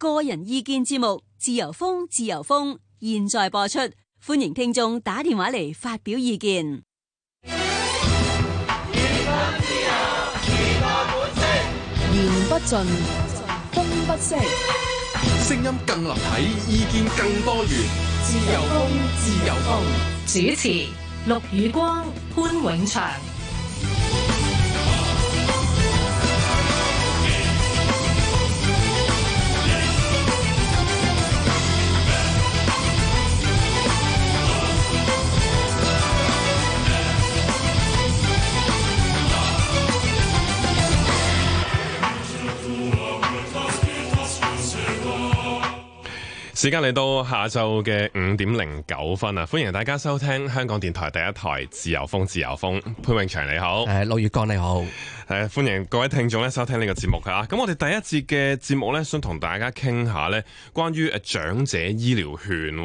個人意見節目《自由風》，自由風，現在播出，歡迎聽眾打電話嚟發表意見。本本言不盡，風不息，聲音更立體，意見更多元。自由風，自由風，主持陸宇光、潘永祥。時間嚟到下晝嘅五點零九分啊！歡迎大家收聽香港電台第一台自由風，自由風。潘永祥你好，係陸月光你好。誒，歡迎各位聽眾咧收聽呢個節目哈。咁我哋第一節嘅節目咧，想同大家傾下咧，關於誒長者醫療券，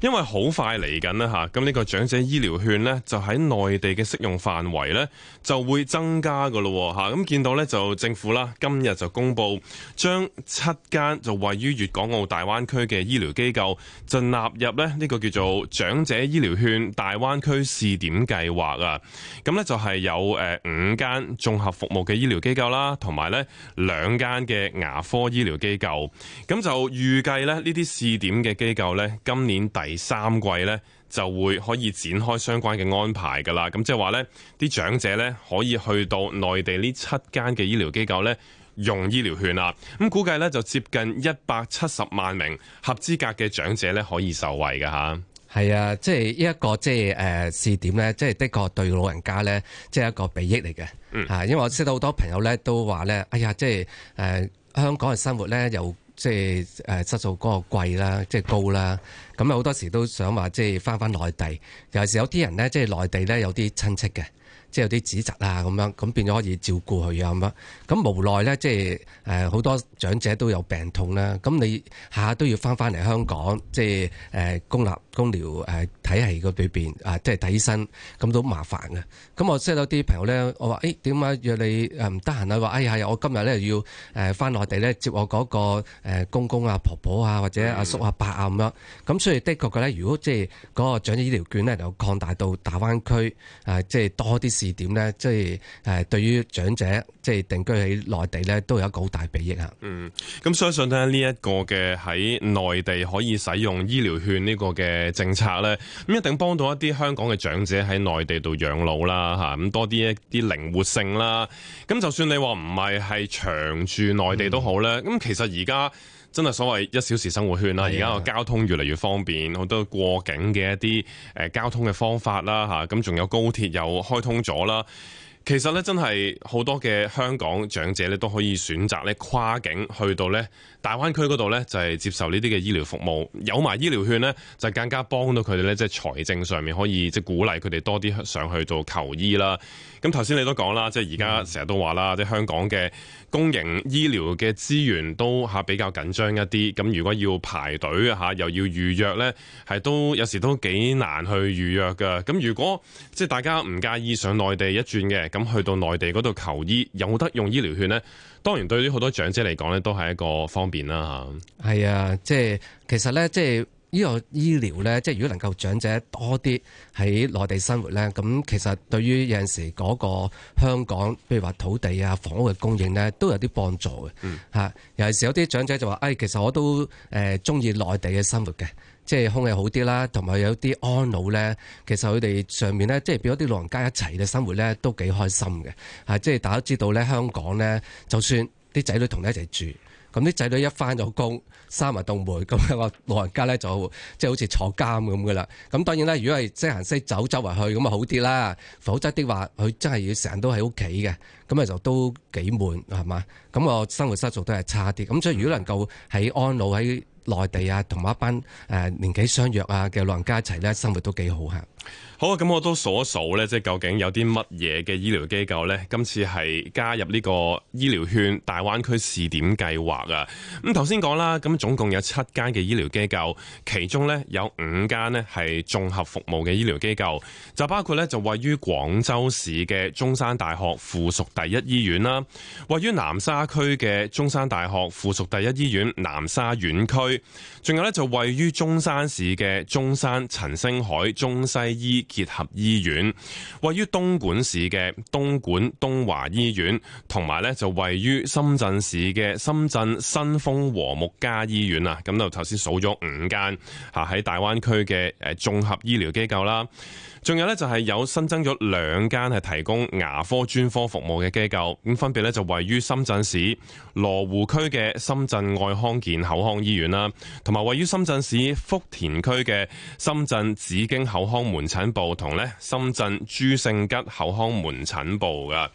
因為好快嚟緊啦吓。咁呢個長者醫療券咧，就喺內地嘅適用範圍咧，就會增加噶咯吓。咁見到咧就政府啦，今日就公布將七間就位於粵港澳大灣區嘅醫療機構就納入咧呢個叫做長者醫療券大灣區試點計劃啊。咁咧就係有誒五間綜合。服務嘅醫療機構啦，同埋咧兩間嘅牙科醫療機構，咁就預計咧呢啲試點嘅機構咧，今年第三季咧就會可以展開相關嘅安排噶啦咁即係話咧，啲長者咧可以去到內地呢七間嘅醫療機構咧用醫療券啦。咁估計咧就接近一百七十萬名合資格嘅長者咧可以受惠㗎吓。係啊，即係呢一個即係誒試點咧，即係的確對老人家咧，即係一個裨益嚟嘅。吓、嗯，因為我識到好多朋友咧，都話咧，哎呀，即係誒香港嘅生活咧，又即係誒質素嗰個貴啦，即係高啦。咁啊，好多時都想話即係翻翻內地。尤其係有啲人咧，即係內地咧有啲親戚嘅，即係有啲子侄啊咁樣，咁變咗可以照顧佢啊咁樣。咁無奈咧，即係誒好多長者都有病痛啦。咁你下下都要翻翻嚟香港，即係誒公立。公療誒體系個裏邊啊，即係睇醫生咁都好麻煩嘅。咁我識到啲朋友咧，我話誒點解約你誒唔得閒啊？話哎呀，我今日咧要誒返內地咧接我嗰個公公啊、婆婆啊，或者阿叔阿、啊、伯啊咁、呃嗯、樣。咁所以的確嘅咧，如果即係嗰、那個長者醫療券咧，就擴大到大灣區誒、呃，即係多啲試點咧，即係誒、呃、對於長者即係定居喺內地咧，都有一個好大裨益啊。嗯，咁相信咧呢一個嘅喺內地可以使用醫療券呢個嘅。政策咧，咁一定幫到一啲香港嘅長者喺內地度養老啦，吓，咁多啲一啲靈活性啦。咁就算你話唔係係長住內地都好啦咁，嗯、其實而家真係所謂一小時生活圈啦。而家個交通越嚟越方便，好多過境嘅一啲誒交通嘅方法啦，吓，咁仲有高鐵又開通咗啦。其實咧真係好多嘅香港長者咧都可以選擇咧跨境去到咧。大灣區嗰度呢，就係接受呢啲嘅醫療服務，有埋醫療券呢，就更加幫到佢哋呢，即係財政上面可以即係鼓勵佢哋多啲上去做求醫啦。咁頭先你都講啦，即係而家成日都話啦，即係香港嘅公營醫療嘅資源都比較緊張一啲。咁如果要排隊呀，又要預約呢，係都有時都幾難去預約㗎。咁如果即係、就是、大家唔介意上內地一轉嘅，咁去到內地嗰度求醫有得用醫療券呢，當然對啲好多長者嚟講咧，都係一個方便啦、啊、嚇。係啊，即係其實咧，即係。呢個醫療呢，即係如果能夠長者多啲喺內地生活呢，咁其實對於有陣時嗰個香港，譬如話土地啊、房屋嘅供應呢，都有啲幫助嘅。嗯。有陣時有啲長者就話，誒、哎，其實我都誒中意內地嘅生活嘅，即係空氣好啲啦，同埋有啲安老呢。」其實佢哋上面呢，即係變咗啲老人家一齊嘅生活呢，都幾開心嘅。嚇，即係大家都知道呢，香港呢，就算啲仔女同你一齊住。咁啲仔女一返咗工，閂埋道門，咁我老人家咧就即係好似坐監咁噶啦。咁當然啦，如果係識行識走周圍去，咁啊好啲啦。否則的話，佢真係要成日都喺屋企嘅，咁啊就都幾悶係嘛。咁我生活質素都係差啲。咁所以如果能夠喺安老喺內地啊，同埋一班年紀相若啊嘅老人家一齊咧，生活都幾好。好啊，咁我都數一數呢，即係究竟有啲乜嘢嘅醫療機構呢？今次係加入呢個醫療券大灣區試點計劃啊！咁頭先講啦，咁總共有七間嘅醫療機構，其中呢有五間呢係綜合服務嘅醫療機構，就包括呢就位於廣州市嘅中山大學附屬第一醫院啦，位於南沙區嘅中山大學附屬第一醫院南沙院區，仲有呢就位於中山市嘅中山陳星海中西。醫結合醫院位於東莞市嘅東莞東華醫院，同埋咧就位於深圳市嘅深圳新豐和睦家醫院啊。咁就頭先數咗五間，吓喺大灣區嘅誒綜合醫療機構啦。仲有呢就係有新增咗兩間係提供牙科專科服務嘅機構，咁分別呢就位於深圳市羅湖區嘅深圳愛康健口腔醫院啦，同埋位於深圳市福田區嘅深圳紫荊口腔門門診部同咧深圳朱聖吉口腔門診部噶，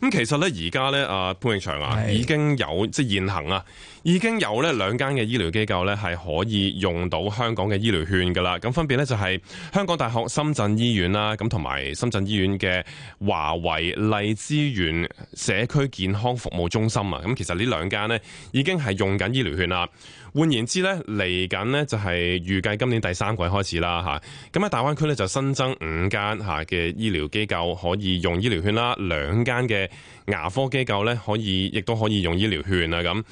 咁其實咧而家咧啊潘永祥啊已經有即係現行啊。已經有呢兩間嘅醫療機構呢係可以用到香港嘅醫療券噶啦，咁分別呢就係香港大學深圳醫院啦，咁同埋深圳醫院嘅華為荔枝園社區健康服務中心啊，咁其實呢兩間呢已經係用緊醫療券啦。換言之呢，嚟緊呢就係預計今年第三季開始啦吓。咁喺大灣區呢就新增五間吓嘅醫療機構可以用醫療券啦，兩間嘅。牙科機構咧，可以亦都可以用醫療券啊！咁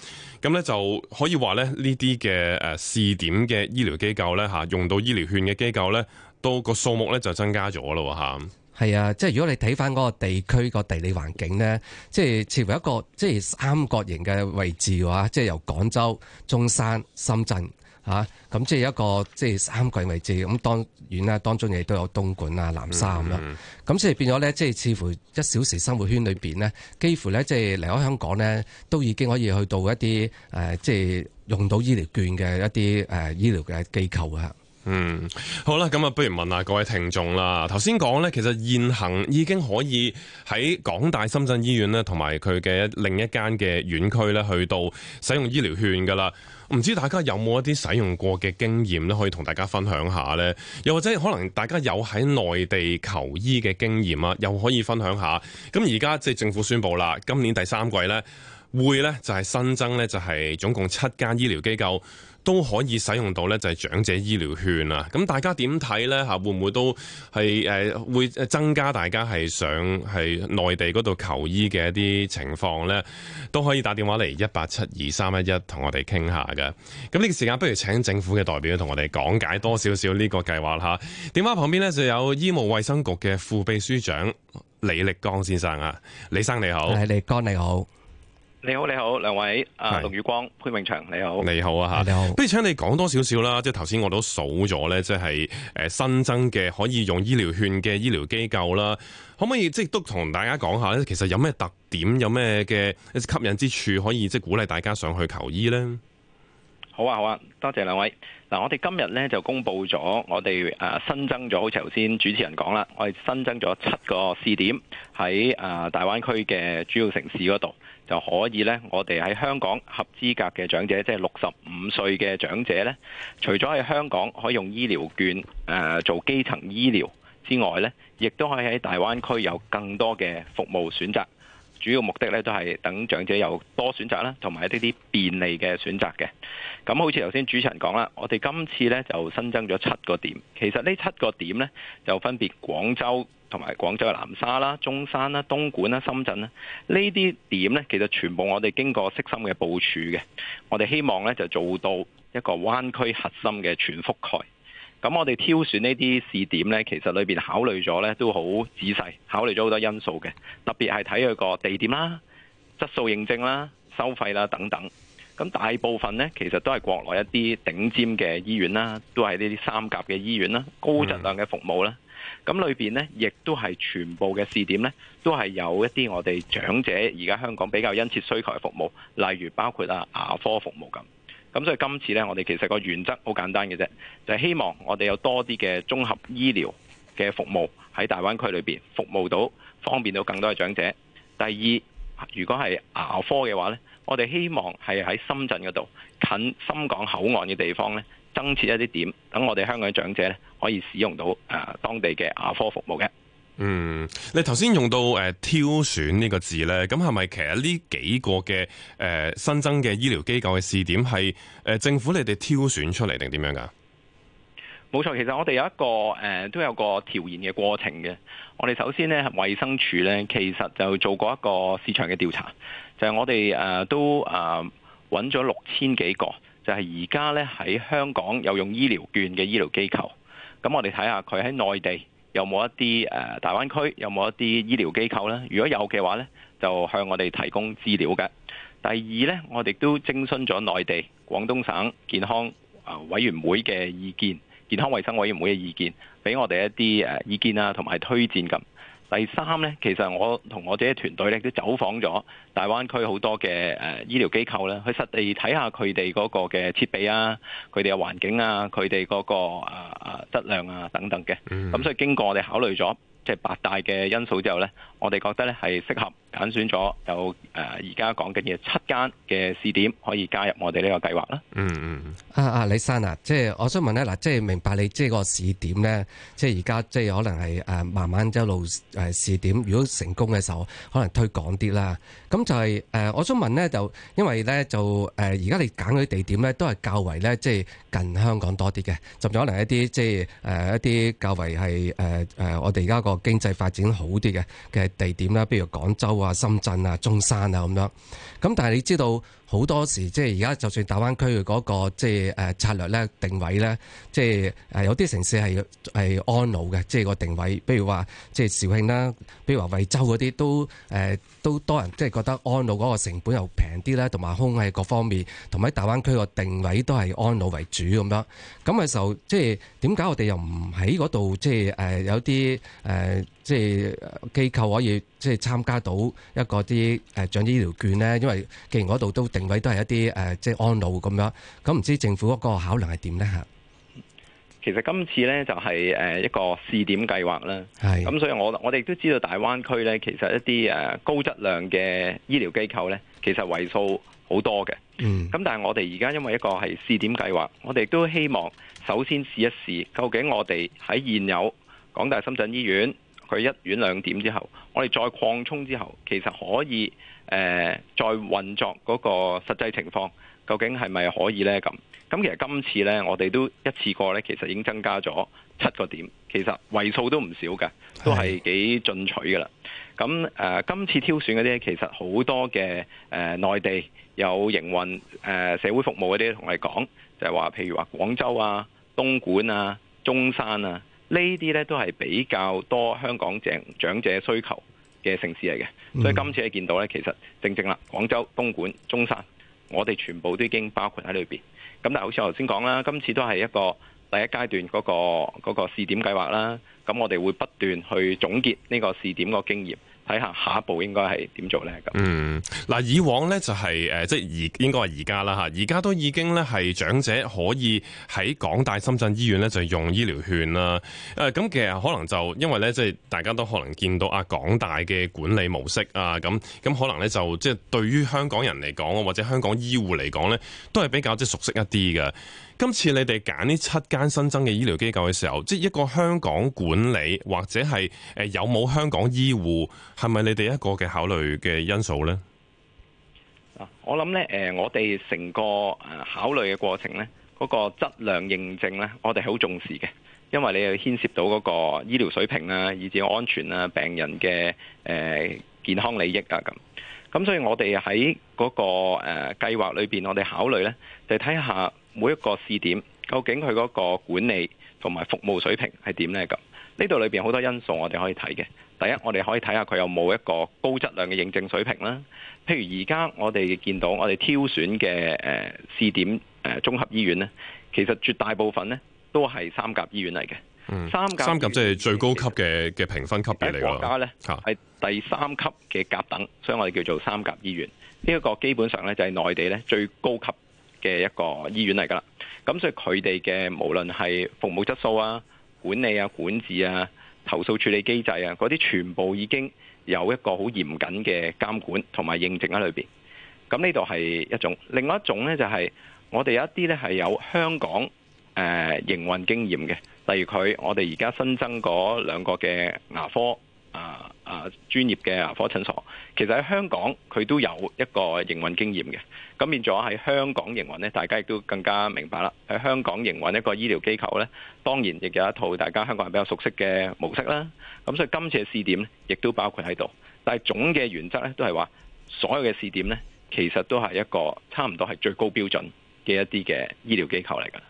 咁咧，就可以話咧，呢啲嘅誒試點嘅醫療機構咧，嚇用到醫療券嘅機構咧，都個數目咧就增加咗咯嚇。係啊，即係如果你睇翻嗰個地區個地理環境咧，即係設為一個即係三角形嘅位置嘅話，即係由廣州、中山、深圳。嚇，咁、啊、即係一個即係三季位置，咁當然啦，當，當中亦都有東莞啊、南沙咁啦，咁、mm hmm. 即係變咗咧，即係似乎一小時生活圈裏邊咧，幾乎咧即係離開香港咧，都已經可以去到一啲、呃、即係用到醫療券嘅一啲誒、呃、醫療嘅機構啊。嗯，好啦，咁啊，不如問下各位聽眾啦。頭先講呢，其實現行已經可以喺港大深圳醫院呢，同埋佢嘅另一間嘅院區呢，去到使用醫療券噶啦。唔知大家有冇一啲使用過嘅經驗呢可以同大家分享下呢？又或者可能大家有喺內地求醫嘅經驗啊，又可以分享下？咁而家即係政府宣布啦，今年第三季呢會呢，就係新增呢，就係總共七間醫療機構。.都可以使用到呢就係長者醫療券啊！咁大家點睇呢？嚇，會唔會都係誒會增加大家係想係內地嗰度求醫嘅一啲情況呢？都可以打電話嚟一八七二三一一同我哋傾下㗎。咁呢個時間，不如請政府嘅代表同我哋講解多少少呢個計劃啦嚇。電話旁邊呢，就有醫務衛生局嘅副秘書長李力綱先生啊，李生你好。李力綱你好。你好，你好，兩位，啊是，龍宇光、潘永祥，你好，你好啊，吓，你好，不如請你講多少少啦。即係頭先我都數咗咧，即係誒新增嘅可以用醫療券嘅醫療機構啦，可唔可以即係都同大家講下咧？其實有咩特點，有咩嘅吸引之處，可以即鼓勵大家上去求醫咧？好啊，好啊，多謝兩位。嗱，我哋今日咧就公布咗我哋誒新增咗，好似頭先主持人講啦，我哋新增咗七個試點喺誒大灣區嘅主要城市嗰度。就可以呢，我哋喺香港合資格嘅長者，即係六十五歲嘅長者呢，除咗喺香港可以用醫療券誒、呃、做基層醫療之外呢，亦都可以喺大灣區有更多嘅服務選擇，主要目的呢都係等長者有多選擇啦，同埋一啲啲便利嘅選擇嘅。咁好似頭先主持人講啦，我哋今次呢就新增咗七個點，其實呢七個點呢，就分別廣州。同埋廣州嘅南沙啦、中山啦、東莞啦、深圳啦，呢啲點咧，其實全部我哋經過悉心嘅部署嘅，我哋希望咧就做到一個灣區核心嘅全覆蓋。咁我哋挑選呢啲試點咧，其實裏邊考慮咗咧都好仔細，考慮咗好多因素嘅，特別係睇佢個地點啦、質素認證啦、收費啦等等。咁大部分咧，其實都係國內一啲頂尖嘅醫院啦，都係呢啲三甲嘅醫院啦，高質量嘅服務啦。嗯咁裏邊呢，亦都係全部嘅試點呢，都係有一啲我哋長者而家香港比較殷切需求嘅服務，例如包括啊牙科服務咁。咁所以今次呢，我哋其實個原則好簡單嘅啫，就係希望我哋有多啲嘅綜合醫療嘅服務喺大灣區裏面，服務到，方便到更多嘅長者。第二，如果係牙科嘅話呢，我哋希望係喺深圳嗰度近深港口岸嘅地方呢。增設一啲點，等我哋香港嘅長者咧可以使用到誒、呃、當地嘅牙科服務嘅。嗯，你頭先用到誒、呃、挑選呢個字咧，咁係咪其實呢幾個嘅誒、呃、新增嘅醫療機構嘅試點係誒、呃、政府你哋挑選出嚟定點樣噶？冇錯，其實我哋有一個誒、呃、都有個調研嘅過程嘅。我哋首先咧，衞生署咧其實就做過一個市場嘅調查，就係、是、我哋誒、呃、都誒揾咗六千幾個。就係而家呢，喺香港有用醫療券嘅醫療機構，咁我哋睇下佢喺內地有冇一啲誒大灣區有冇一啲醫療機構呢？如果有嘅話呢就向我哋提供資料嘅。第二呢，我哋都徵詢咗內地廣東省健康委員會嘅意見、健康衛生委員會嘅意見，俾我哋一啲誒意見啊，同埋推薦咁。第三呢，其實我同我哋嘅團隊呢都走訪咗大灣區好多嘅誒醫療機構呢，去實地睇下佢哋嗰個嘅設備啊、佢哋嘅環境啊、佢哋嗰個啊啊質量啊等等嘅。咁所以經過我哋考慮咗，即係八大嘅因素之後咧，我哋覺得咧，係適合揀選咗有誒而家講緊嘅七間嘅試點可以加入我哋呢個計劃啦。嗯嗯。啊啊，李生啊，即係我想問咧，嗱，即係明白你即係個試點咧，即係而家即係可能係誒慢慢一路誒試點，如果成功嘅時候，可能推廣啲啦。咁就係、是、誒、呃、我想問咧，就因為咧就誒而家你揀嗰啲地點咧，都係較為咧即係近香港多啲嘅，甚至可能一啲即係誒、呃、一啲較為係誒誒我哋而家個。經濟發展好啲嘅嘅地點啦，比如廣州啊、深圳啊、中山啊咁樣。咁但係你知道好多時，即係而家就算大灣區嘅嗰個即係誒、呃、策略咧定位咧，即係誒有啲城市係係安老嘅，即係個定位，譬如話即係肇慶啦，譬如話惠州嗰啲都誒、呃、都多人即係覺得安老嗰個成本又平啲咧，同埋空氣各方面，同埋大灣區個定位都係安老為主咁樣。咁嘅時候，即係點解我哋又唔喺嗰度？即係誒、呃、有啲誒。呃即係機構可以即係參加到一個啲誒長者醫療券咧，因為既然嗰度都定位都係一啲誒即係安老咁樣，咁唔知政府嗰個考量係點咧嚇？其實今次咧就係誒一個試點計劃啦，係咁，所以我我哋都知道大灣區咧，其實一啲誒高質量嘅醫療機構咧，其實為數好多嘅，嗯，咁但係我哋而家因為一個係試點計劃，我哋都希望首先試一試，究竟我哋喺現有港大深圳醫院。佢一院兩點之後，我哋再擴充之後，其實可以誒、呃、再運作嗰個實際情況，究竟係咪可以呢？咁咁其實今次呢，我哋都一次過呢，其實已經增加咗七個點，其實位數都唔少嘅，都係幾進取嘅啦。咁誒、呃，今次挑選嗰啲其實好多嘅誒、呃，內地有營運誒、呃、社會服務嗰啲同你講，就係、是、話就係話譬如話廣州啊、東莞啊、中山啊。呢啲呢都係比較多香港長長者需求嘅城市嚟嘅，所以今次你見到呢，其實正正啦，廣州、東莞、中山，我哋全部都已經包括喺裏邊。咁但係好似我頭先講啦，今次都係一個第一階段嗰個嗰個試點計劃啦。咁我哋會不斷去總結呢個試點個經驗。睇下下一步應該係點做呢？咁。嗯，嗱，以往呢就係、是、誒，即係而應該話而家啦嚇，而家都已經咧係長者可以喺港大深圳醫院呢就用醫療券啦。誒，咁其實可能就因為呢，即係大家都可能見到啊港大嘅管理模式啊，咁咁可能呢，就即係對於香港人嚟講，或者香港醫護嚟講呢，都係比較即熟悉一啲嘅。今次你哋揀呢七間新增嘅醫療機構嘅時候，即係一個香港管理或者係誒有冇香港醫護，係咪你哋一個嘅考慮嘅因素呢？我諗呢，誒，我哋成個誒考慮嘅過程呢，嗰個質量認證呢，我哋係好重視嘅，因為你又牽涉到嗰個醫療水平啊，以至安全啊，病人嘅誒健康利益啊，咁，咁所以我哋喺嗰個誒計劃裏邊，我哋考慮呢，就睇下。每一個試點，究竟佢嗰個管理同埋服務水平係點呢？咁呢度裏邊好多因素我哋可以睇嘅。第一，我哋可以睇下佢有冇一個高質量嘅認證水平啦。譬如而家我哋見到我哋挑選嘅誒試點誒綜合醫院呢，其實絕大部分呢都係三甲醫院嚟嘅。嗯、三甲三甲即係最高級嘅嘅評分級別嚟，而家呢係第三級嘅甲等，啊、所以我哋叫做三甲醫院。呢、這、一個基本上呢就係內地呢最高級嘅一個醫院嚟㗎喇，咁所以佢哋嘅無論係服務質素啊、管理啊、管治啊、投訴處理機制啊，嗰啲全部已經有一個好嚴謹嘅監管同埋認證喺裏邊。咁呢度係一種，另外一種呢，就係、是、我哋有一啲呢係有香港誒、呃、營運經驗嘅，例如佢我哋而家新增嗰兩個嘅牙科。啊啊！專、啊、業嘅牙科診所，其實喺香港佢都有一個營運經驗嘅，咁變咗喺香港營運呢，大家亦都更加明白啦。喺香港營運一個醫療機構呢，當然亦有一套大家香港人比較熟悉嘅模式啦。咁所以今次嘅試點呢，亦都包括喺度，但係總嘅原則呢，都係話所有嘅試點呢，其實都係一個差唔多係最高標準嘅一啲嘅醫療機構嚟㗎。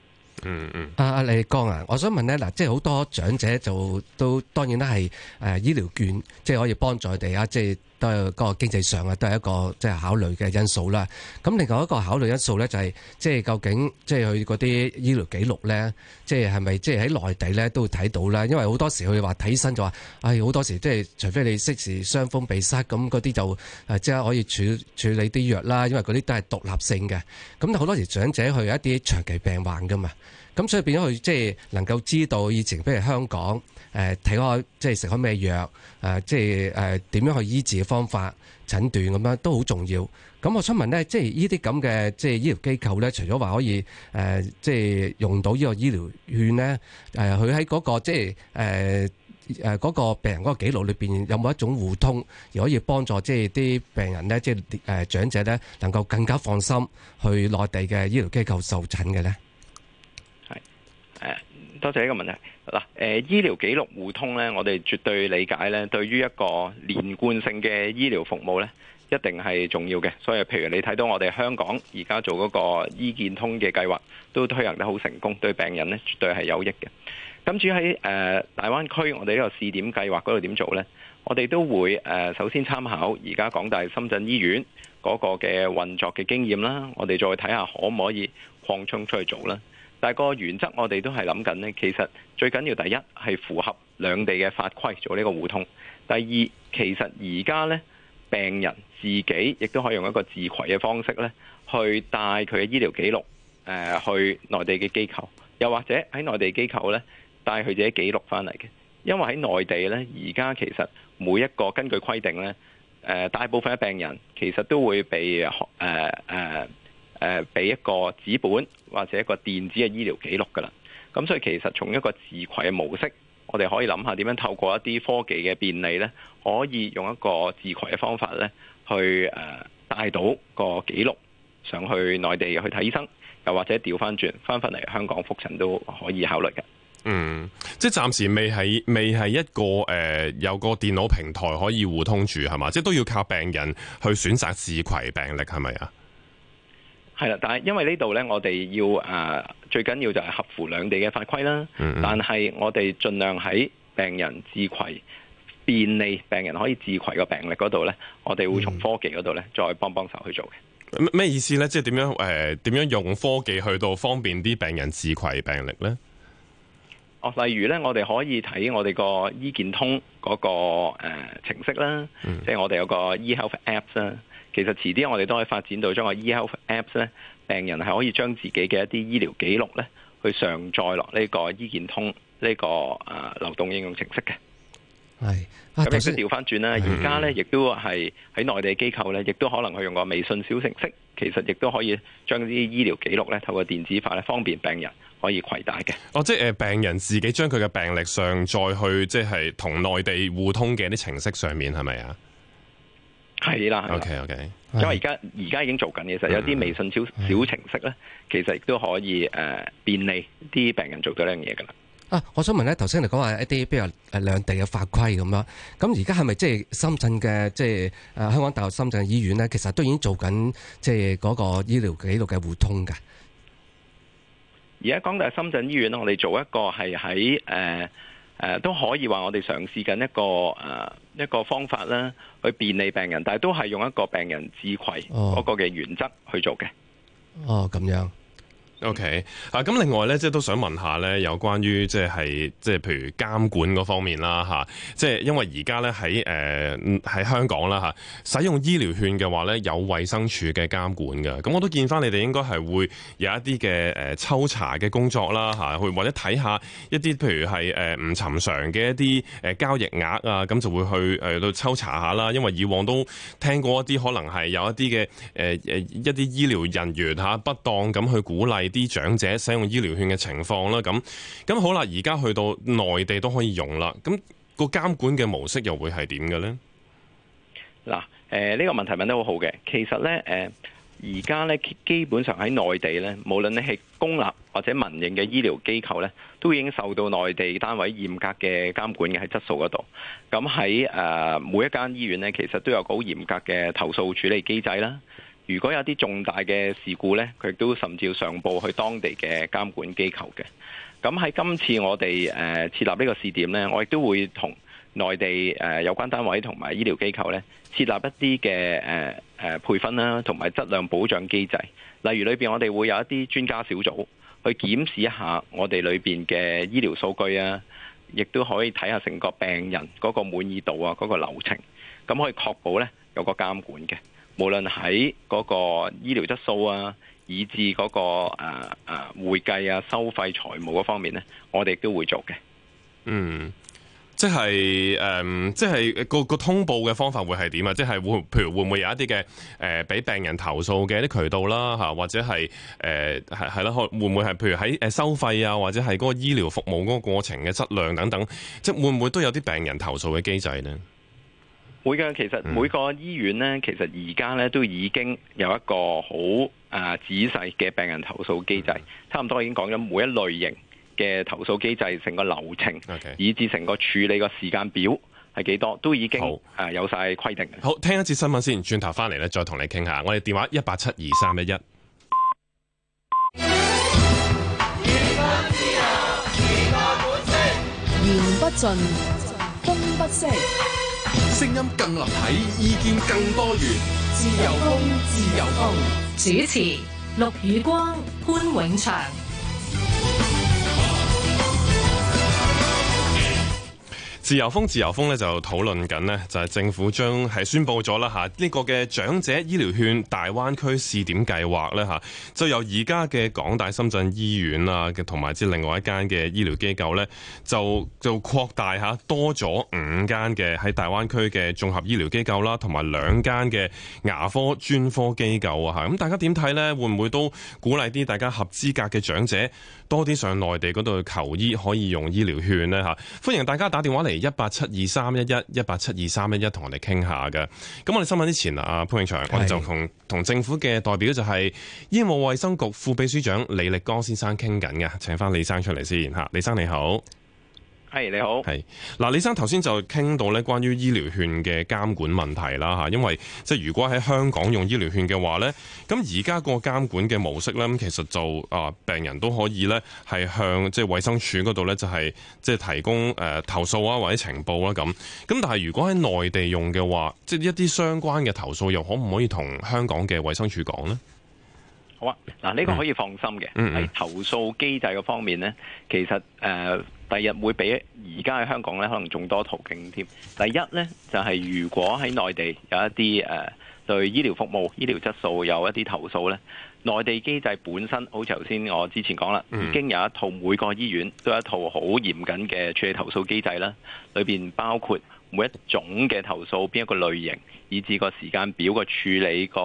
嗯嗯、啊，阿阿李綱啊，我想問咧，嗱、啊，即係好多長者就都當然啦係誒醫療券，即係可以幫助佢哋啊，即係。都係個經濟上啊，都係一個即係考慮嘅因素啦。咁另外一個考慮因素咧，就係即係究竟即係佢嗰啲醫療記錄咧，即係係咪即係喺內地咧都會睇到啦？因為好多時佢哋話睇醫生就話，唉好多時即係除非你適時傷風鼻塞，咁嗰啲就即係可以處處理啲藥啦。因為嗰啲都係獨立性嘅。咁好多時長者去有一啲長期病患噶嘛，咁所以變咗佢即係能夠知道以前譬如香港。誒，睇開即係食開咩藥，誒，即係誒，點樣去醫治嘅方法、診斷咁樣都好重要。咁我想問咧，即係呢啲咁嘅即係醫療機構咧，除咗話可以誒，即係用到呢個醫療券咧，誒、那個，佢喺嗰個即係誒誒個病人嗰個記錄裏邊有冇一種互通，而可以幫助即係啲病人咧，即係誒長者咧，能夠更加放心去內地嘅醫療機構受診嘅咧？係誒，多謝呢個問題。嗱，誒醫療記錄互通咧，我哋絕對理解咧。對於一個連貫性嘅醫療服務咧，一定係重要嘅。所以，譬如你睇到我哋香港而家做嗰個醫健通嘅計劃，都推行得好成功，對病人咧絕對係有益嘅。咁至於喺誒、呃、大灣區，我哋呢個試點計劃嗰度點做呢？我哋都會誒、呃、首先參考而家港大深圳醫院嗰個嘅運作嘅經驗啦，我哋再睇下可唔可以擴充出去做咧。大係個原則我們在，我哋都係諗緊呢，其實最緊要第一係符合兩地嘅法規做呢個互通。第二，其實而家呢病人自己亦都可以用一個自攜嘅方式呢去帶佢嘅醫療記錄、呃，去內地嘅機構，又或者喺內地機構呢帶佢自己記錄返嚟嘅。因為喺內地呢，而家其實每一個根據規定呢，呃、大部分嘅病人其實都會被誒誒。呃呃俾一個紙本或者一個電子嘅醫療記錄噶啦，咁所以其實從一個自攜嘅模式，我哋可以諗下點樣透過一啲科技嘅便利呢，可以用一個自攜嘅方法呢，去誒帶到個記錄上去內地去睇醫生，又或者調翻轉翻返嚟香港覆診都可以考慮嘅。嗯，即係暫時未係未係一個誒、呃、有個電腦平台可以互通住係嘛？即係都要靠病人去選擇自攜病歷係咪啊？是係啦，但係因為呢度咧，我哋要誒最緊要就係合乎兩地嘅法規啦。嗯嗯，但係我哋盡量喺病人自攜便利病人可以自攜個病歷嗰度咧，我哋會從科技嗰度咧再幫幫手去做嘅。咩、嗯、意思咧？即係點樣誒？點、呃、樣用科技去到方便啲病人自攜病歷咧？哦、呃，例如咧，我哋可以睇我哋個醫健通嗰、那個誒、呃、程式啦，嗯、即係我哋有個 eHealth Apps 啦。其實遲啲我哋都可以發展到將個 eHealth Apps 咧，病人係可以將自己嘅一啲醫療記錄咧，去上載落呢個醫健通呢個啊流動應用程式嘅。係咁先調翻轉啦，而家咧亦都係喺內地機構咧，亦都可能去用個微信小程式。其實亦都可以將啲醫療記錄咧，透過電子化咧，方便病人可以携帶嘅。哦，即係誒，病人自己將佢嘅病歷上載去，即係同內地互通嘅啲程式上面，係咪啊？係啦，係啦，okay, okay，因為而家而家已經做緊嘅，實有啲微信小、嗯、小程式咧，其實亦都可以誒、呃、便利啲病人做咗呢樣嘢噶啦。啊，我想問咧，頭先你講話一啲，比如誒兩地嘅法規咁樣，咁而家係咪即係深圳嘅，即係誒香港大學深圳醫院咧，其實都已經做緊即係嗰個醫療記錄嘅互通噶？而家講到深圳醫院我哋做一個係喺誒。呃啊、都可以話我哋嘗試緊一個誒、啊、一個方法啦，去便利病人，但係都係用一個病人自愧個嘅原則去做嘅、哦。哦，咁樣。OK，啊，咁另外咧，即係都想問下咧，有關於即係即係譬如監管嗰方面啦，吓，即係因為而家咧喺誒喺香港啦吓，使用醫療券嘅話咧，有衛生署嘅監管嘅，咁我都見翻你哋應該係會有一啲嘅誒抽查嘅工作啦，吓，去或者睇下一啲譬如係誒唔尋常嘅一啲誒交易額啊，咁就會去誒去抽查下啦，因為以往都聽過一啲可能係有一啲嘅誒誒一啲醫療人員吓不當咁去鼓勵。啲長者使用醫療券嘅情況啦，咁咁好啦，而家去到內地都可以用啦，咁個監管嘅模式又會係點嘅呢？嗱，誒，呢個問題問得好好嘅，其實呢，誒、呃，而家呢基本上喺內地呢，無論你係公立或者民營嘅醫療機構呢，都已經受到內地單位嚴格嘅監管嘅喺質素嗰度。咁喺誒每一間醫院呢，其實都有個好嚴格嘅投訴處理機制啦。如果有啲重大嘅事故咧，佢都甚至要上報去當地嘅監管機構嘅。咁喺今次我哋誒設立呢個試點咧，我亦都會同內地誒有關單位同埋醫療機構咧設立一啲嘅誒誒培訓啦，同埋質量保障機制。例如裏邊我哋會有一啲專家小組去檢視一下我哋裏邊嘅醫療數據啊，亦都可以睇下成個病人嗰個滿意度啊，嗰個流程，咁可以確保咧有個監管嘅。無論喺嗰個醫療質素啊，以至嗰、那個誒誒、啊啊、會計啊、收費、財務嗰方面咧，我哋都會做嘅、嗯。嗯，即係誒，即係個個通報嘅方法會係點啊？即係會，譬如會唔會有一啲嘅誒，俾、呃、病人投訴嘅一啲渠道啦，吓或者係誒係係啦，會唔會係譬如喺誒收費啊，或者係嗰個醫療服務嗰個過程嘅質量等等，即係會唔會都有啲病人投訴嘅機制咧？每個，其實每個醫院呢，其實而家呢，都已經有一個好啊，仔細嘅病人投訴機制，差唔多已經講咗每一類型嘅投訴機制成個流程，以至成個處理個時間表係幾多，都已經啊有晒規定嘅。好，聽一次新聞先，轉頭翻嚟呢，再同你傾下。我哋電話一八七二三一一。聲音更立體，意見更多元。自由風，自由風。主持：陸雨光、潘永祥。自由風自由風咧就討論緊呢，就係、是、政府將係宣布咗啦嚇，呢個嘅長者醫療券大灣區試點計劃呢，嚇，就由而家嘅港大深圳醫院啊，同埋之另外一間嘅醫療機構呢，就就擴大嚇多咗五間嘅喺大灣區嘅綜合醫療機構啦，同埋兩間嘅牙科專科機構啊嚇。咁大家點睇呢？會唔會都鼓勵啲大家合資格嘅長者？多啲上內地嗰度求醫，可以用醫療券呢。歡迎大家打電話嚟一八七二三一一一八七二三一一，同我哋傾下嘅。咁我哋新聞之前啊，潘永祥，我哋就同同是政府嘅代表就係醫務衛生局副秘書長李力綱先生傾緊嘅，請翻李生出嚟先，李生你好。係、hey, 你好，係嗱，李生頭先就傾到咧關於醫療券嘅監管問題啦，吓，因為即係如果喺香港用醫療券嘅話咧，咁而家個監管嘅模式咧，其實就啊，病人都可以咧係向即係衛生署嗰度咧，就係即係提供誒投訴啊或者情報啦咁。咁但係如果喺內地用嘅話，即係一啲相關嘅投訴又可唔可以同香港嘅衛生署講咧？好啊，嗱，呢個可以放心嘅，喺、嗯嗯嗯、投訴機制嘅方面咧，其實誒。呃第日會比而家喺香港咧可能仲多途徑添。第一咧就係、是、如果喺內地有一啲誒、呃、對醫療服務、醫療質素有一啲投訴咧，內地機制本身好似頭先我之前講啦，已經有一套每個醫院都有一套好嚴謹嘅處理投訴機制啦，裏邊包括每一種嘅投訴邊一個類型，以至個時間表個處，處理個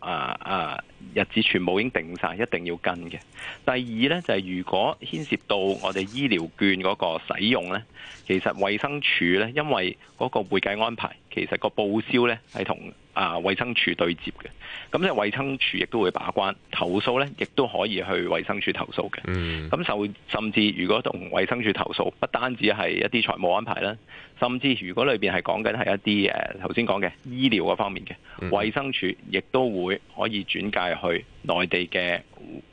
啊啊。呃呃日子全部已經定晒一定要跟嘅。第二呢，就係如果牽涉到我哋醫療券嗰個使用呢，其實衛生署呢，因為嗰個會計安排，其實個報銷呢，係同啊衛生署對接嘅。咁咧，衛生署亦都會把關投訴呢，亦都可以去衛生署投訴嘅。咁就甚至如果同衛生署投訴，不單止係一啲財務安排啦，甚至如果裏邊係講緊，係一啲誒頭先講嘅醫療嘅方面嘅，嗯、衛生署亦都會可以轉介。係去內地嘅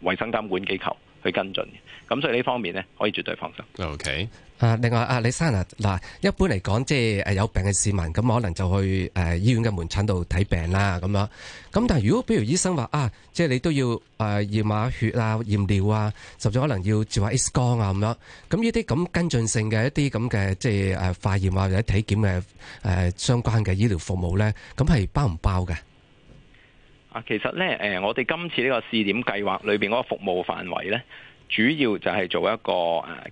衛生監管機構去跟進嘅，咁所以呢方面呢，可以絕對放心。O K。啊，另外啊，李生啊，嗱，一般嚟講，即係誒有病嘅市民，咁可能就去誒醫院嘅門診度睇病啦，咁樣。咁但係如果比如醫生話啊，即係你都要誒驗下血啊、驗尿啊，甚至可能要照下 X 光啊，咁樣。咁呢啲咁跟進性嘅一啲咁嘅即係誒化驗啊或者體檢嘅誒相關嘅醫療服務呢，咁係包唔包嘅？啊，其實咧，誒，我哋今次呢個試點計劃裏邊嗰個服務範圍咧，主要就係做一個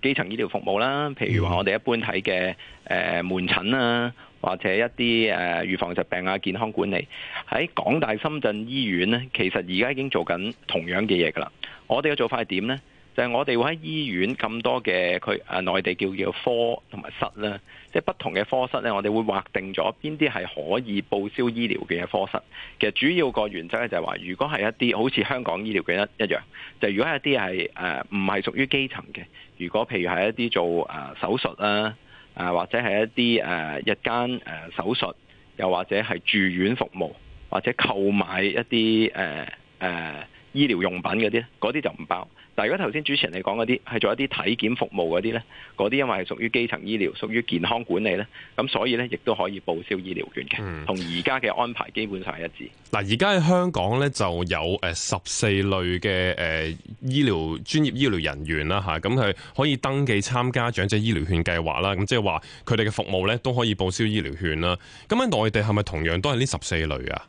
誒基層醫療服務啦，譬如話我哋一般睇嘅誒門診啦、啊，或者一啲誒預防疾病啊、健康管理。喺港大深圳醫院咧，其實而家已經做緊同樣嘅嘢噶啦。我哋嘅做法係點咧？就係我哋會喺醫院咁多嘅佢啊，內地叫叫科同埋室啦，即係不同嘅科室咧，我哋會劃定咗邊啲係可以報銷醫療嘅科室。其實主要個原則咧就係話，如果係一啲好似香港醫療嘅一一樣，就如果係一啲係誒唔係屬於基層嘅，如果譬如係一啲做誒、呃、手術啦，誒、呃、或者係一啲誒、呃、一間誒手術，又或者係住院服務，或者購買一啲誒誒。呃呃醫療用品嗰啲，嗰啲就唔包。但如果頭先主持人你講嗰啲係做一啲體檢服務嗰啲，呢嗰啲因為係屬於基層醫療、屬於健康管理呢，咁所以呢，亦都可以報銷醫療券嘅，同而家嘅安排基本上係一致。嗱、嗯，而家喺香港呢，就有誒十四類嘅誒醫療專業醫療人員啦吓，咁佢可以登記參加長者醫療券計劃啦。咁即係話佢哋嘅服務呢都可以報銷醫療券啦。咁喺內地係咪同樣都係呢十四類啊？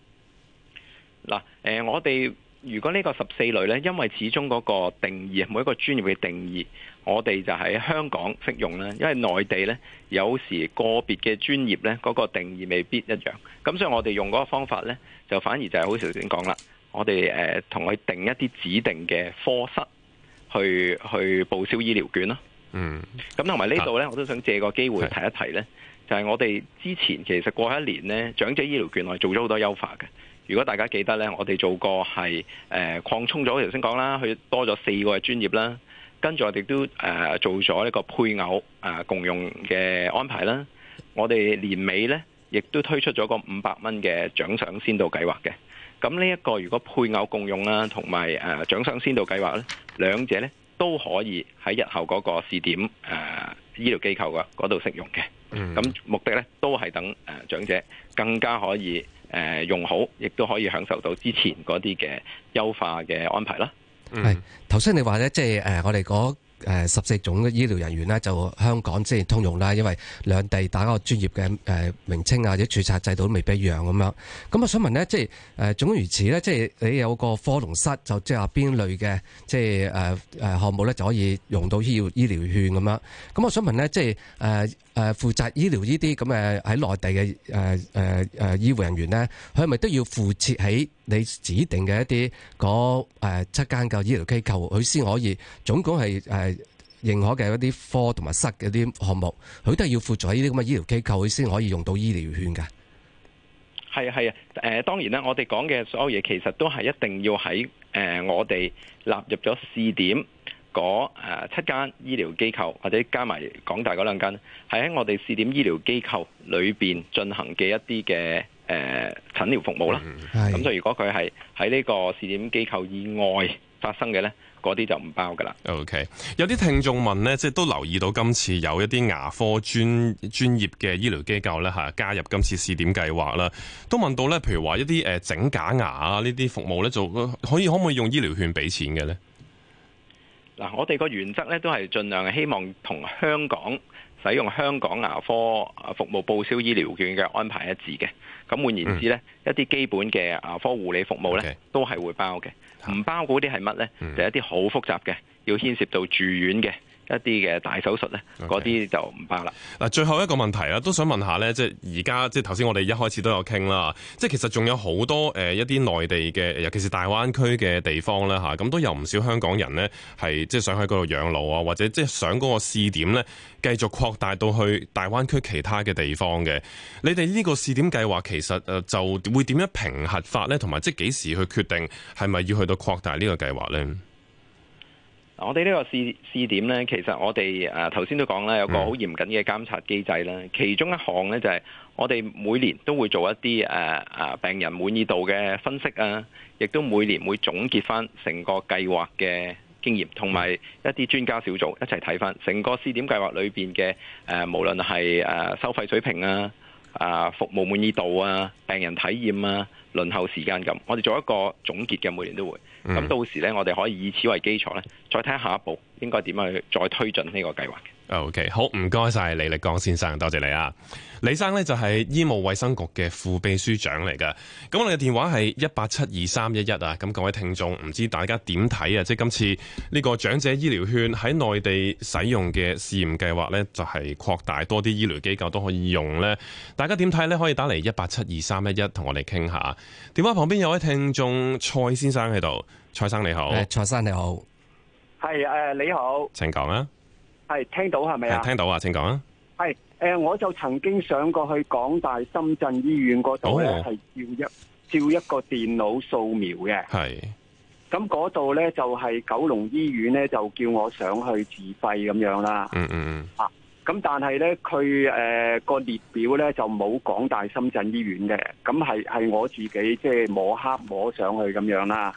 嗱、呃，誒我哋。如果呢個十四類呢，因為始終嗰個定義每一個專業嘅定義，我哋就喺香港適用啦。因為內地呢，有時個別嘅專業呢，嗰、那個定義未必一樣。咁所以我哋用嗰個方法呢，就反而就係、是、好似頭先講啦，我哋誒同佢定一啲指定嘅科室去去報銷醫療券囉。嗯。咁同埋呢度呢，我都想借個機會提一提呢，是就係我哋之前其實過一年呢，長者醫療券我哋做咗好多優化嘅。如果大家記得咧，我哋做過係誒擴充咗頭先講啦，佢多咗四個專業啦，跟住我哋都誒做咗呢個配偶啊共用嘅安排啦。我哋年尾咧，亦都推出咗個五百蚊嘅獎賞先導計劃嘅。咁呢一個如果配偶共用啦，同埋誒獎賞先導計劃咧，兩者咧都可以喺日後嗰個試點誒醫療機構嘅嗰度適用嘅。咁目的咧都係等誒長者更加可以。誒用好，亦都可以享受到之前嗰啲嘅優化嘅安排啦。係、嗯，頭先你話咧，即係誒我哋嗰十四種嘅醫療人員咧，就香港即係、就是、通用啦。因為兩地打個專業嘅誒名稱啊，或者注冊制度都未必一樣咁樣。咁我想問咧，即係誒總如此咧，即、就、係、是、你有個科隆室，就即係話邊類嘅即係誒誒項目咧，就是呃呃呃、就可以用到醫醫療券咁樣。咁我想問咧，即、就、係、是。誒、呃。誒，負、啊、責醫療呢啲咁誒喺內地嘅誒誒誒，醫護人員咧，佢係咪都要附設喺你指定嘅一啲誒七間嘅醫療機構，佢先可以總共係誒、啊、認可嘅一啲科同埋室嘅啲項目，佢都係要附在呢啲咁嘅醫療機構，佢先可以用到醫療券㗎。係啊係啊，誒、啊呃，當然啦，我哋講嘅所有嘢，其實都係一定要喺誒、呃、我哋納入咗試點。誒七間醫療機構或者加埋港大嗰兩間係喺我哋試點醫療機構裏邊進行嘅一啲嘅誒診療服務啦，咁就、嗯、如果佢係喺呢個試點機構以外發生嘅呢，嗰啲就唔包噶啦。OK，有啲聽眾問呢，即係都留意到今次有一啲牙科專專業嘅醫療機構呢，吓加入今次試點計劃啦，都問到呢，譬如話一啲誒整假牙啊呢啲服務呢，就可以可唔可以用醫療券俾錢嘅呢？嗱，我哋個原則咧都係盡量係希望同香港使用香港牙科服務報銷醫療券嘅安排一致嘅。咁換言之咧，嗯、一啲基本嘅牙科護理服務咧都係會包嘅。唔 Okay. 包嗰啲係乜咧？嗯、就係一啲好複雜嘅，要牽涉到住院嘅。一啲嘅大手術咧，嗰啲就唔包啦。嗱，Okay. 最後一個問題啦，都想問下咧，即係而家即係頭先我哋一開始都有傾啦，即係其實仲有好多誒一啲內地嘅，尤其是大灣區嘅地方咧嚇，咁都有唔少香港人咧係即係想喺嗰度養老啊，或者即係想嗰個試點咧繼續擴大到去大灣區其他嘅地方嘅。你哋呢個試點計劃其實誒就會點樣評核法咧，同埋即係幾時去決定係咪要去到擴大呢個計劃咧？我哋呢個試試點呢，其實我哋誒頭先都講啦，有個好嚴謹嘅監察機制啦。其中一項呢，就係我哋每年都會做一啲誒誒病人滿意度嘅分析啊，亦都每年會總結翻成個計劃嘅經驗，同埋一啲專家小組一齊睇翻成個試點計劃裏邊嘅誒，無論係誒收費水平啊，啊，服務滿意度啊，病人體驗啊，輪候時間，咁，我哋做一個總結嘅，每年都會。咁到時呢，我哋可以以此為基礎呢，再睇下一步應該點樣去再推進呢個計劃。O、okay, K，好唔該晒李力綱先生，多謝你啊！李生呢就係醫務衛生局嘅副秘書長嚟噶。咁我哋嘅電話係一八七二三一一啊。咁各位聽眾，唔知道大家點睇啊？即係今次呢個長者醫療券喺內地使用嘅試驗計劃呢，就係擴大多啲醫療機構都可以用呢。大家點睇呢？可以打嚟，一八七二三一一同我哋傾下。電話旁邊有一位聽眾蔡先生喺度，蔡生你好，蔡生你好，係，誒你好，請講啊。係聽到係咪啊？聽到啊，請講啊。係誒、呃，我就曾經上過去港大深圳醫院嗰度咧，係、oh. 照一照一個電腦掃描嘅。係是。咁嗰度咧就係、是、九龍醫院咧，就叫我上去自費咁樣啦。嗯嗯嗯。咁、hmm. 啊、但係咧，佢誒個列表咧就冇港大深圳醫院嘅。咁係係我自己即係、就是、摸黑摸上去咁樣啦。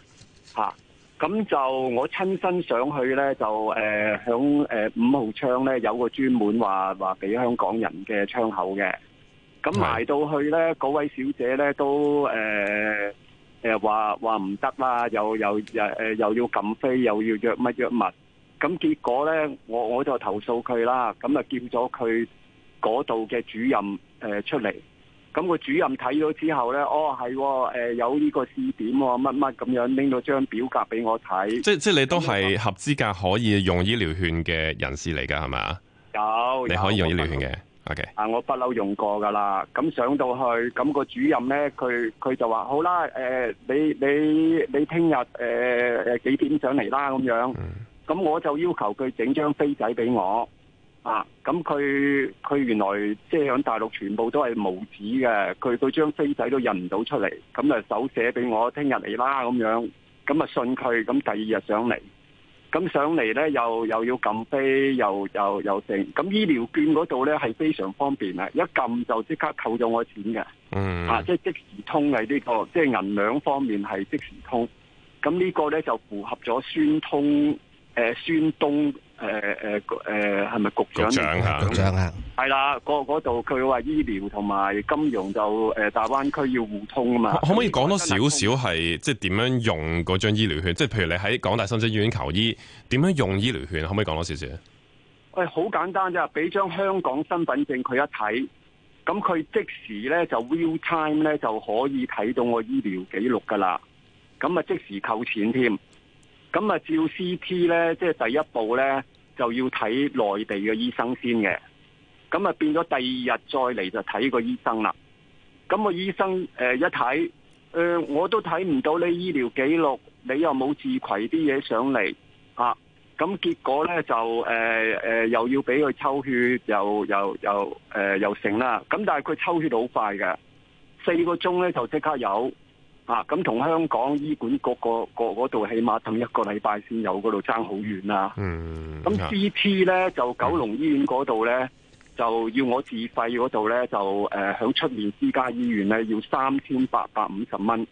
吓、啊。咁就我親身上去呢，就誒響誒五號窗呢，有個專門話話俾香港人嘅窗口嘅，咁、嗯、埋到去呢，嗰位小姐呢，都誒誒話話唔得啦，又又、呃、又要撳飛，又要約乜約乜，咁結果呢，我我就投訴佢啦，咁啊叫咗佢嗰度嘅主任、呃、出嚟。咁個主任睇咗之後呢，哦係，誒有呢個試點喎，乜乜咁樣拎到張表格畀我睇。即即你都係合資格可以用醫療券嘅人士嚟㗎，係咪啊？有，你可以用醫療券嘅。O K。啊，我不嬲 Okay. 用過㗎啦。咁上到去，咁、嗰個主任呢，佢佢就話好啦，誒、呃、你你你聽日誒誒幾點上嚟啦？咁樣。咁、嗯、我就要求佢整張飛仔畀我。啊，咁佢佢原來即係響大陸全部都係無紙嘅，佢對張飛仔都印唔到出嚟，咁啊手寫，俾我聽日嚟啦咁樣，咁啊信佢，咁第二日上嚟，咁上嚟咧又又要撳飛，又又又剩，咁醫療券嗰度咧係非常方便啊，一撳就即刻扣咗我錢嘅，嗯，啊即係即時通係呢個，即係銀兩方面係即時通，咁呢個咧就符合咗孫通誒、呃、孫東。誒誒誒，係咪、呃呃呃、局長啊？局長啊，係啦對，嗰度佢話醫療同埋金融就誒、呃、大灣區要互通啊嘛。可唔以可，可以講多，多少少係、嗯、即係點樣用嗰張醫療券？即係譬如你喺港大深圳醫院求醫，點樣用醫療券？可唔可以講多少少？喂、欸，好簡單啫，俾張香港身份證佢一睇，咁佢即時咧就 real time 咧就可以睇到我醫療記錄噶啦，咁啊即時扣錢添。咁啊，照 CT 咧，即係第一步咧，就要睇內地嘅醫生先嘅。咁啊，變咗第二日再嚟就睇個醫生啦。咁個醫生誒、呃、一睇，誒、呃、我都睇唔到你醫療記錄，你又冇自携啲嘢上嚟啊！咁結果呢，就誒誒、呃呃，又要畀佢抽血，又又又誒、呃、又成啦。咁但係佢抽血好快嘅，四個鐘呢，就即刻有。啊，咁同香港醫管局個各個嗰度起碼等一個禮拜先有，嗰度差好遠啦。咁 B、嗯、T 呢，嗯、就九龍醫院嗰度呢，就要我自費嗰度呢，就誒響、呃、出面私家醫院呢，要三千八百五十蚊，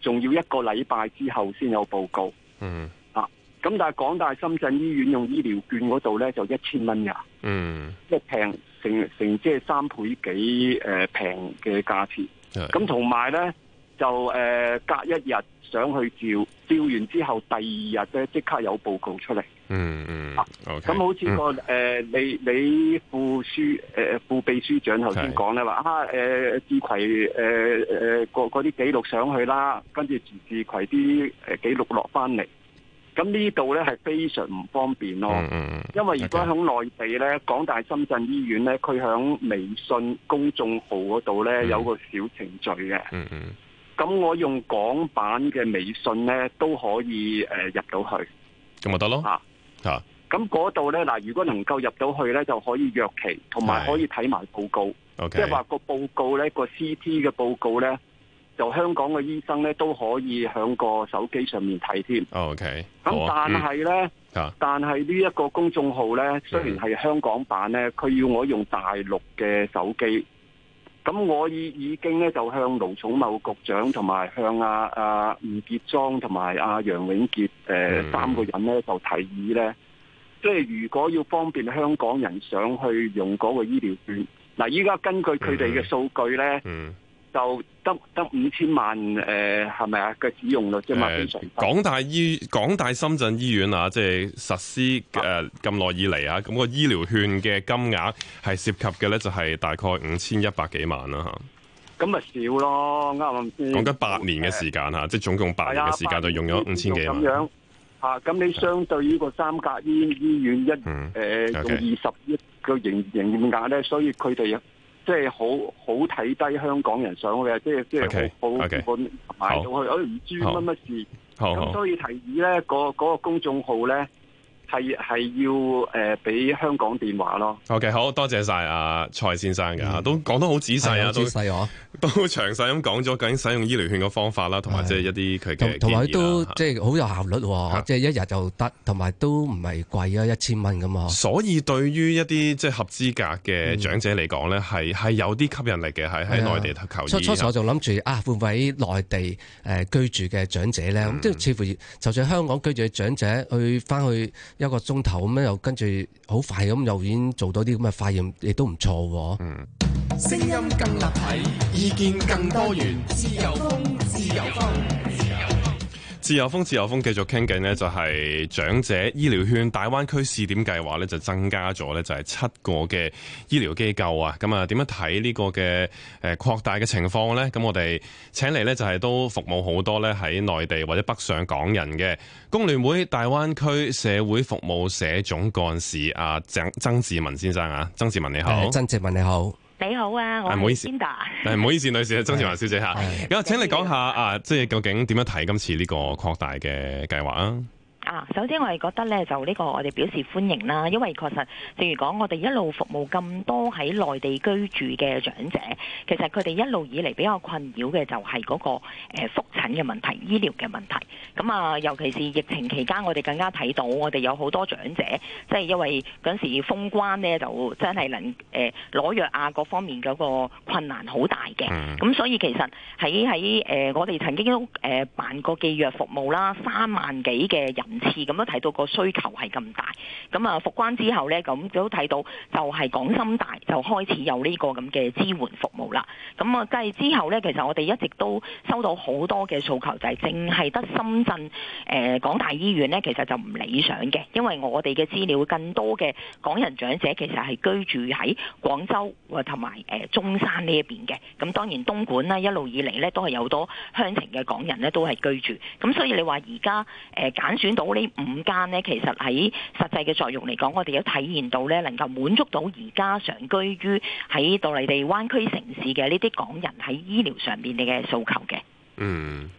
仲、啊、要一個禮拜之後先有報告。嗯，啊，咁但係港大深圳醫院用醫療券嗰度呢，就一千蚊噶。嗯，即係平成成即係三倍幾誒平嘅價錢。咁同埋呢。就誒隔一日上去照，照完之後第二日咧，即刻有報告出嚟、嗯。嗯嗯。好、呃。咁好似個你你副書、呃、副秘書長頭先講咧，話啊誒自攜誒誒嗰啲記錄上去啦，跟住自自攜啲誒記錄落翻嚟。咁呢度咧係非常唔方便咯。嗯嗯，因為如果喺內地咧，Okay. 港大深圳醫院咧，佢喺微信公眾號嗰度咧有個小程序嘅、嗯。嗯嗯。咁我用港版嘅微信呢都可以誒、呃、入到去，咁咪得咯吓吓。咁嗰度呢嗱，如果能夠入到去呢就可以約期，同埋是可以睇埋報告。即係話個報告呢個 CT 嘅報告呢，就香港嘅醫生呢都可以響個手機上面睇添。OK。咁但係呢，嗯、但係呢一個公眾號呢、嗯、雖然係香港版呢，佢要我用大陸嘅手機。咁我已已經咧就向盧寵茂局長同埋向阿、啊、阿、啊、吳傑莊同埋阿楊永杰誒、呃 mm hmm. 三個人咧就提議咧，即係如果要方便香港人上去用嗰個醫療券，嗱依家根據佢哋嘅數據咧。Mm hmm. mm hmm. 就得得五千萬誒，係咪啊嘅使用率啫嘛？誒、呃，港大醫院港大深圳醫院啊，即、就、係、是、實施誒咁耐以嚟啊，咁、那個醫療券嘅金額係涉及嘅咧，就係大概五千一百幾萬啦、啊、吓。咁咪少咯，啱唔啱先？講緊八年嘅時間啊，呃、即係總共八年嘅時間，就用咗五千幾萬。咁樣吓，咁你相對於個三甲醫醫院一誒用二十億個營營業額咧，所以佢哋啊。即係好好睇低香港人上去嘅，即係即係好好根本賣到去，我唔好知乜乜事。咁好所以提議咧，嗰個嗰、嗰個公眾號咧。係係要誒俾、呃、香港電話咯。OK，好多謝晒阿、啊、蔡先生嘅，嗯、都講得好仔細啊，都細啊都，都詳細咁講咗究竟使用醫療券嘅方法啦、啊，同埋即係一啲佢嘅同埋都即係好有效率喎、啊，即係的一日就得，同埋都唔係貴啊，一千蚊咁啊。所以對於一啲即係合資格嘅長者嚟講咧，係係、嗯、有啲吸引力嘅，喺喺內地求醫初，初初我就諗住啊，會唔會內地誒居住嘅長者咧，即係似乎就算香港居住嘅長者去翻去。嗯。一個鐘頭咁樣，又跟住好快咁又已經做到啲咁嘅化驗，亦都唔錯喎。嗯。聲音更立體，意見更多元，自由風，自由風。自由風，自由風，繼續傾緊呢就係長者醫療券大灣區試點計劃呢就增加咗呢就係七個嘅醫療機構啊。咁啊，點樣睇呢個嘅誒擴大嘅情況呢？咁我哋請嚟呢，就係都服務好多呢喺內地或者北上港人嘅工聯會大灣區社會服務社總幹事啊。鄭曾志文先生啊。曾志文你好，曾志文你好。你好啊，唔好意思，唔好意思，女士，曾志文小姐吓。咁 請你講下 啊，即係究竟點樣睇今次呢個擴大嘅計劃啊？啊，首先我哋覺得呢，就呢個我哋表示歡迎啦，因為確實正如講，我哋一路服務咁多喺內地居住嘅長者，其實佢哋一路以嚟比較困擾嘅就係嗰、那個誒復診嘅問題，醫療嘅問題，咁啊，尤其是疫情期間，我哋更加睇到我哋有好多長者，即、就、係、是、因為嗰陣時封關咧，就真係能誒攞藥啊，各方面嗰個困難好大嘅。咁、嗯、所以其實喺喺誒我哋曾經都誒、呃、辦過寄藥服務啦，三萬幾嘅人。次咁都睇到個需求係咁大，咁啊復關之後呢，咁都睇到就係港深大就開始有呢個咁嘅支援服務啦。咁啊，即係之後呢，其實我哋一直都收到好多嘅訴求，就係淨係得深圳誒港、呃、大醫院呢，其實就唔理想嘅，因為我哋嘅資料更多嘅港人長者其實係居住喺廣州同埋中山呢一邊嘅。咁當然東莞啦，一路以嚟呢，都係有好多鄉情嘅港人呢，都係居住。咁所以你話而家誒揀選到，到呢五間呢，其實喺實際嘅作用嚟講，我哋都體現到呢，能夠滿足到而家常居於喺你哋灣區城市嘅呢啲港人喺醫療上面嘅訴求嘅。嗯。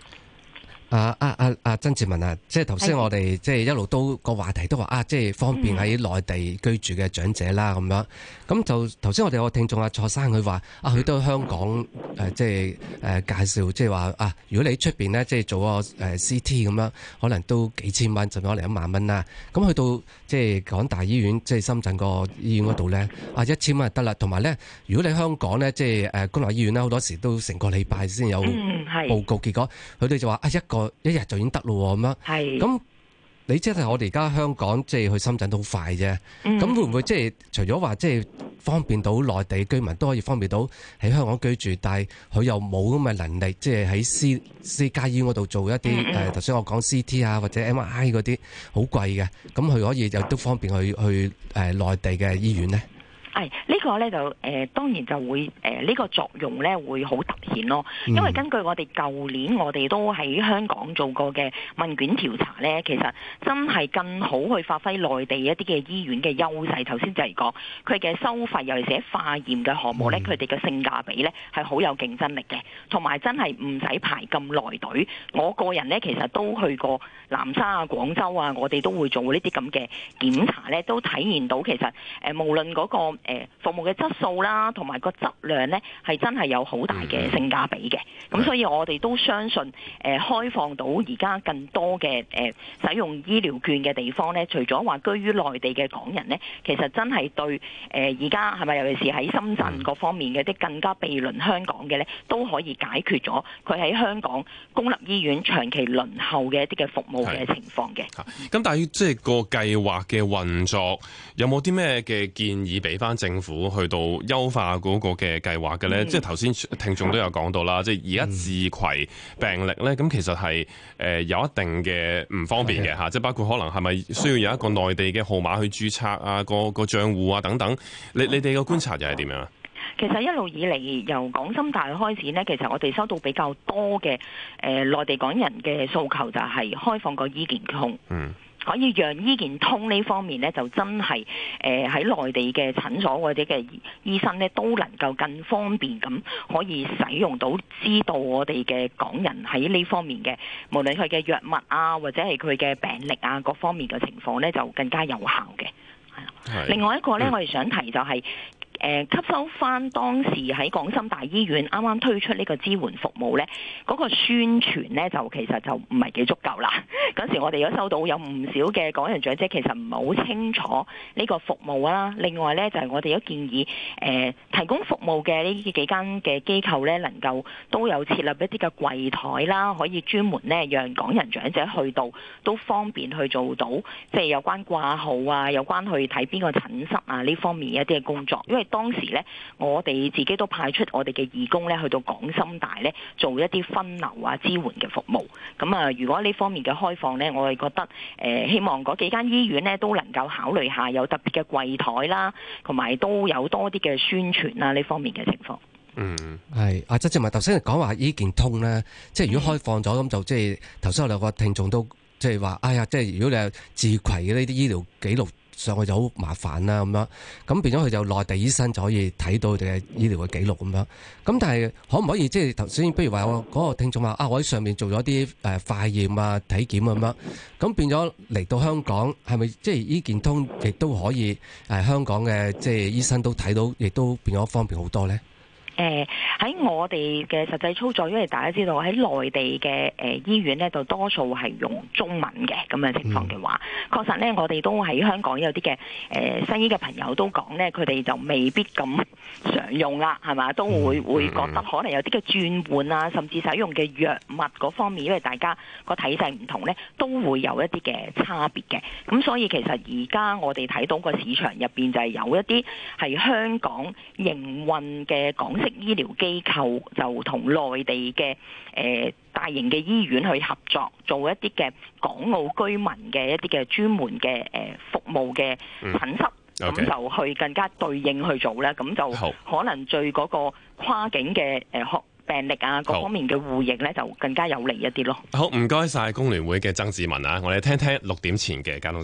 啊啊啊啊！曾志文啊，即係頭先我哋即係一路都個的話題都話啊，即係方便喺內地居住嘅長者啦咁、嗯、樣，咁就頭先我哋有個聽眾啊，蔡生佢話啊，佢都香港誒、啊、即係誒、啊、介紹即係話啊，如果你出邊咧，即係做個誒、呃、CT 咁樣可能都幾千蚊，甚至可能一萬蚊啦。咁去到即係港大醫院，即係深圳個醫院嗰度咧，嗯、啊一千蚊就得啦。同埋咧，如果你香港咧，即係誒、呃、公立醫院咧，好多時都成個禮拜先有報告、嗯、結果，佢哋就話啊一個。一日就已經得咯咁樣，係，咁你即係我哋而家香港即係去深圳都好快啫，咁會唔會即係除咗話即係方便到內地居民都可以方便到喺香港居住，但係佢又冇咁嘅能力，即係喺私私家醫院嗰度做一啲誒，頭先我講 C T 啊或者 M R I 嗰啲好貴嘅，咁佢可以又都方便去去誒內地嘅醫院呢？誒、哎這個、呢個咧就誒當然就會誒呢、呃這個作用咧會好突顯咯，因為根據我哋舊年我哋都喺香港做過嘅問卷調查咧，其實真係更好去發揮內地一啲嘅醫院嘅優勢。頭先就係講佢嘅收費，尤其係化驗嘅項目咧，佢哋嘅性價比咧係好有競爭力嘅，同埋真係唔使排咁耐隊。我個人咧其實都去過南沙啊、廣州啊，我哋都會做這些這樣的檢查呢啲咁嘅檢查咧，都體現到其實誒、呃、無論嗰、那個。誒服務嘅質素啦，同埋個質量咧，係真係有好大嘅性價比嘅。咁所以我哋都相信，誒開放到而家更多嘅誒使用醫療券嘅地方咧，除咗話居於內地嘅港人咧，其實真係對誒而家係咪？尤其是喺深圳各方面嘅啲更加避輪香港嘅咧，都可以解決咗佢喺香港公立醫院長期輪候嘅一啲嘅服務嘅情況嘅。咁但係即係個計劃嘅運作有冇啲咩嘅建議俾翻？政府去到優化嗰個嘅計劃嘅咧，即係頭先聽眾都有講到啦，即係而家自攜病歷咧，咁其實，係誒有一定嘅唔方便嘅吓，即係的包括可能係咪需要有一個內地嘅號碼去註冊啊，那個個賬戶啊等等，你你哋嘅觀察又係點樣？啊？其實一路以嚟由港深大開始咧，其實我哋收到比較多嘅誒內地港人嘅訴求就係開放個醫健通。嗯可以讓醫健通呢方面咧，就真係誒喺內地嘅診所或者嘅醫生咧，都能夠更方便咁可以使用到，知道我哋嘅港人喺呢方面嘅，無論佢嘅藥物啊，或者係佢嘅病歷啊各方面嘅情況咧，就更加有效嘅。係啦是，另外一個咧，我哋想提就係、是。誒吸收翻當時喺廣深大醫院啱啱推出呢個支援服務咧，嗰個宣傳咧就其實就唔係幾足夠啦。嗰時我哋都收到有唔少嘅港人長者其實唔係好清楚呢個服務啦。另外咧就係我哋都建議誒提供服務嘅呢幾間嘅機構咧，能夠都有設立一啲嘅櫃檯啦，可以專門咧讓港人長者去到都方便去做到，即係有關掛號啊、有關去睇邊個診室啊呢方面一啲嘅工作，因為。當時咧，我哋自己都派出我哋嘅義工咧，去到港深大咧做一啲分流啊、支援嘅服務。咁啊，如果呢方面嘅開放咧，我哋覺得誒，希望嗰幾間醫院咧都能夠考慮下有特別嘅櫃枱啦，同埋都有多啲嘅宣傳啦，呢方面嘅情況。嗯，係。阿曾志文頭先講話醫健通咧，即係如果開放咗咁、嗯、就即係頭先我兩個聽眾都即係話，哎呀，即係如果你係自攜嘅呢啲醫療記錄。上去就好麻煩啦，咁樣咁變咗佢就內地醫生就可以睇到佢哋嘅醫療嘅記錄咁樣。咁但係可唔可以即係頭先，不如話我嗰個聽眾話啊，我喺上面做咗啲誒化驗啊、體檢咁樣，咁變咗嚟到香港係咪即係醫健通亦都可以？誒香港嘅即係醫生都睇到，亦都變咗方便好多咧。誒喺、呃、我哋嘅實際操作，因為大家知道喺內地嘅誒、呃、醫院呢，就多數係用中文嘅咁樣情況嘅話，確實呢，我哋都喺香港有啲嘅誒西醫嘅朋友都講呢，佢哋就未必咁常用啦，係嘛，都會會覺得可能有啲嘅轉換啊，甚至使用嘅藥物嗰方面，因為大家個體質唔同呢，都會有一啲嘅差別嘅。咁所以其實而家我哋睇到個市場入邊就係有一啲係香港營運嘅港。即醫療機構就同內地嘅誒、呃、大型嘅醫院去合作，做一啲嘅港澳居民嘅一啲嘅專門嘅誒、呃、服務嘅診室，咁、嗯 okay. 就去更加對應去做啦。咁就可能在嗰個跨境嘅誒病病歷啊，好各方面嘅互認咧，就更加有利一啲咯。好，唔該晒工聯會嘅曾志文啊，我哋聽聽六點前嘅交